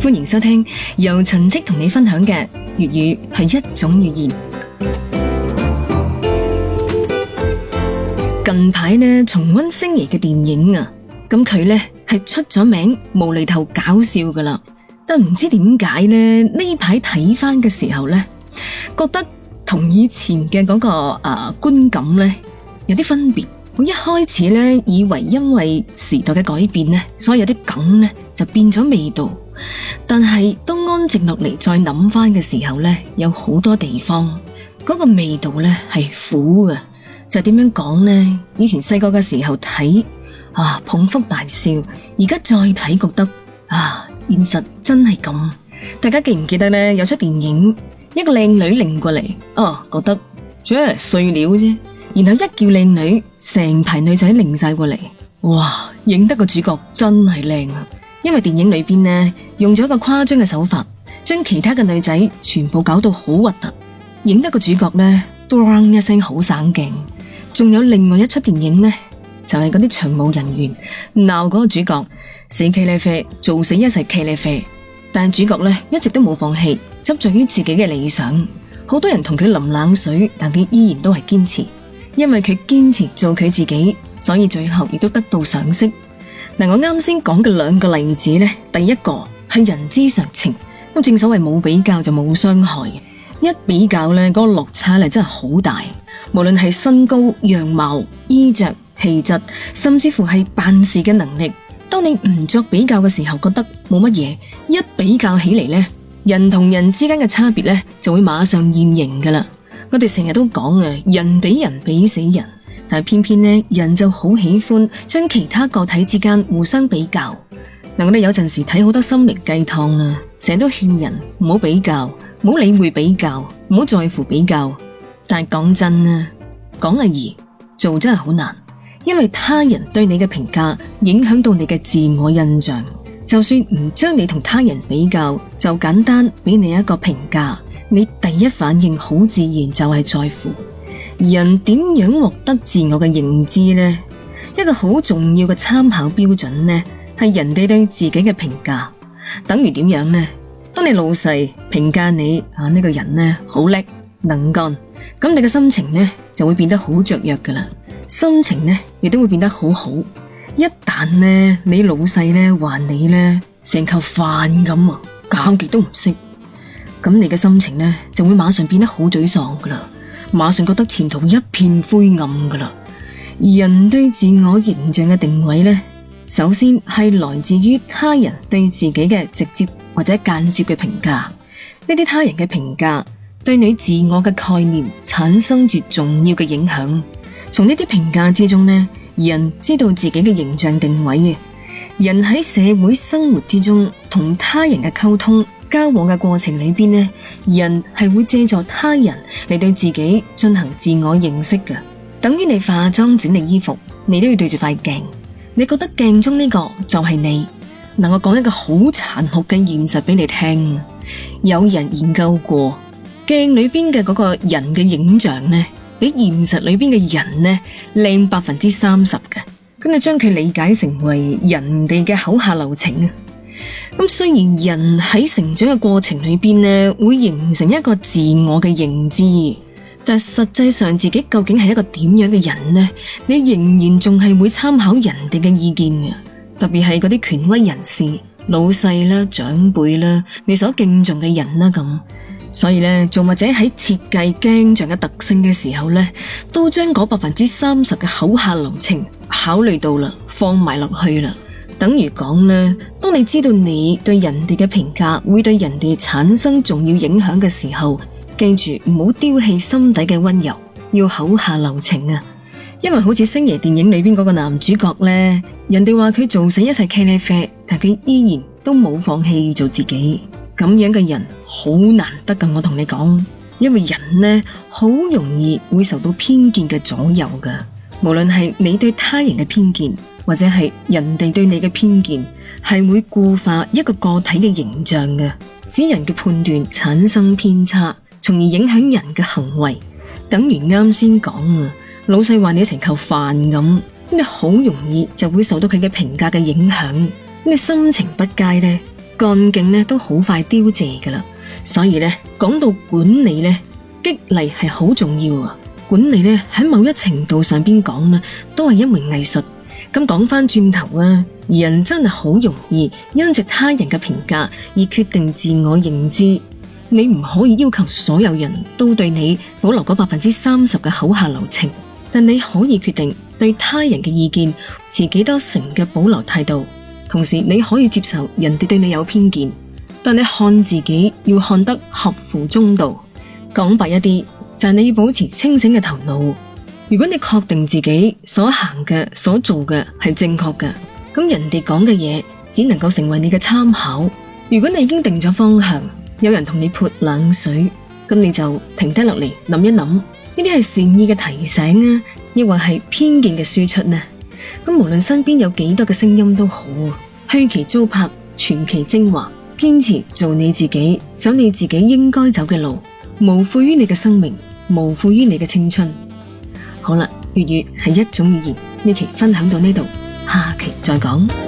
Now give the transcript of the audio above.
歡迎收聽由陳迹同你分享嘅粵語係一種語言。近排呢，重溫星爺嘅電影啊，咁佢呢，係出咗名無厘頭搞笑㗎喇，但唔知點解呢，呢排睇返嘅時候呢，覺得同以前嘅嗰、那個誒、啊、觀感呢，有啲分別。我一開始呢，以為因為時代嘅改變呢，所以有啲梗呢，就變咗味道。但係當安靜落嚟再諗翻嘅時候呢，有好多地方嗰、那個味道呢係苦嘅。就點、是、樣講呢？以前細個嘅時候睇啊捧腹大笑，而家再睇覺得啊現實真係咁。大家記唔記得呢？有出電影，一個靚女擰過嚟啊，覺得，即係碎料啫。然後一叫靚女，成排女仔擰晒過嚟，哇！影得個主角真係靚啊。因為電影裏邊呢，用咗一個誇張嘅手法，將其他嘅女仔全部搞到好核突，影得個主角呢，當一聲好省勁。仲有另外一出電影呢，就係嗰啲場務人員鬧嗰個主角，死茄喱啡，做死一世茄喱啡。但主角呢一直都冇放棄，執着於自己嘅理想。好多人同佢淋冷水，但佢依然都係堅持。因為佢堅持做佢自己，所以最後亦都得到賞識。嗱，我啱先講嘅兩個例子呢，第一個係人之常情。咁正所謂冇比較就冇傷害，一比較呢，嗰個落差嚟真係好大。無論係身高、樣貌、衣着、氣質，甚至乎係辦事嘅能力。當你唔作比較嘅時候，覺得冇乜嘢；一比較起嚟呢，人同人之間嘅差別呢，就會馬上現形噶啦。我哋成日都講啊，人比人比死人，但偏偏呢，人就好喜歡將其他個體之間互相比較。我哋有陣時睇好多心靈雞湯啦，成日都勸人唔好比較，唔好理會比較，唔好在乎比較。但係講真啊，講易做真係好難，因為他人對你嘅評價影響到你嘅自我印象。就算唔將你同他人比較，就簡單俾你一個評價。你第一反應好自然就係、是、在乎。人點樣獲得自我嘅認知呢？一個好重要嘅參考標準呢，係人哋對自己嘅評價，等於點樣呢？當你老細評價你啊呢、這個人呢好叻能幹，咁你嘅心情呢就會變得好雀躍㗎喇，心情呢亦都會變得好好。一旦呢，你老細呢話你呢成嚿飯咁啊，搞極都唔識。咁你嘅心情呢就會馬上變得好沮喪噶啦，馬上覺得前途一片灰暗噶啦。人對自我形象嘅定位呢，首先係來自於他人對自己嘅直接或者間接嘅評價。呢啲他人嘅評價對你自我嘅概念產生住重要嘅影響。從呢啲評價之中呢，人知道自己嘅形象定位嘅。人喺社會生活之中同他人嘅溝通交往嘅過程裏邊呢，人係會借助他人嚟對自己進行自我認識嘅，等於你化妝、整理衣服，你都要對住塊鏡，你覺得鏡中呢個就係你。嗱，我講一個好殘酷嘅現實俾你聽，有人研究過鏡裏邊嘅嗰個人嘅影像呢，比現實裏邊嘅人呢靚百分之三十嘅，咁你將佢理解成為人哋嘅口下留情啊！咁雖然人喺成長嘅過程裏邊咧，會形成一個自我嘅認知，但係實際上自己究竟係一個點樣嘅人呢？你仍然仲係會參考人哋嘅意見嘅，特別係嗰啲權威人士、老細啦、長輩啦、你所敬重嘅人啦咁。所以呢，造物者喺設計鏡像嘅特性嘅時候呢，都將嗰百分之三十嘅口下留情考慮到啦，放埋落去啦。等於講咧，當你知道你對人哋嘅評價會對人哋產生重要影響嘅時候，記住唔好丟棄心底嘅溫柔，要口下留情啊！因為好似星爺電影裏面嗰個男主角呢，人哋話佢做死一切茄喱啡，但係佢依然都冇放棄做自己。咁樣嘅人好難得噶，我同你講，因為人呢，好容易會受到偏見嘅左右噶，無論係你對他人嘅偏見。或者係人哋對你嘅偏見，係會固化一個個體嘅形象嘅，使人嘅判斷產生偏差，從而影響人嘅行為。等如啱先講啊，老細話你一嚿飯咁，你好容易就會受到佢嘅評價嘅影響。你心情不佳呢，幹勁呢都好快凋謝㗎喇。所以呢，講到管理呢，激勵係好重要啊。管理呢，喺某一程度上邊講呢，都係一門藝術。咁講返轉頭啊，人真係好容易因著他人嘅評價而決定自我認知。你唔可以要求所有人都對你保留嗰百分之三十嘅口下留情，但你可以決定對他人嘅意見持幾多成嘅保留態度。同時，你可以接受人哋對你有偏見，但你看自己要看得合乎中道。講白一啲，就係你要保持清醒嘅頭腦。如果你確定自己所行嘅、所做嘅係正確嘅，咁人哋講嘅嘢只能夠成為你嘅參考。如果你已經定咗方向，有人同你潑冷水，咁你就停低落嚟諗一諗，呢啲係善意嘅提醒啊，抑或係偏見嘅輸出呢？咁無論身邊有幾多嘅聲音都好，虛其糟粕，存其精華，堅持做你自己，走你自己應該走嘅路，無負於你嘅生命，無負於你嘅青春。好啦，粵語係一種語言。呢期分享到呢度，下期再講。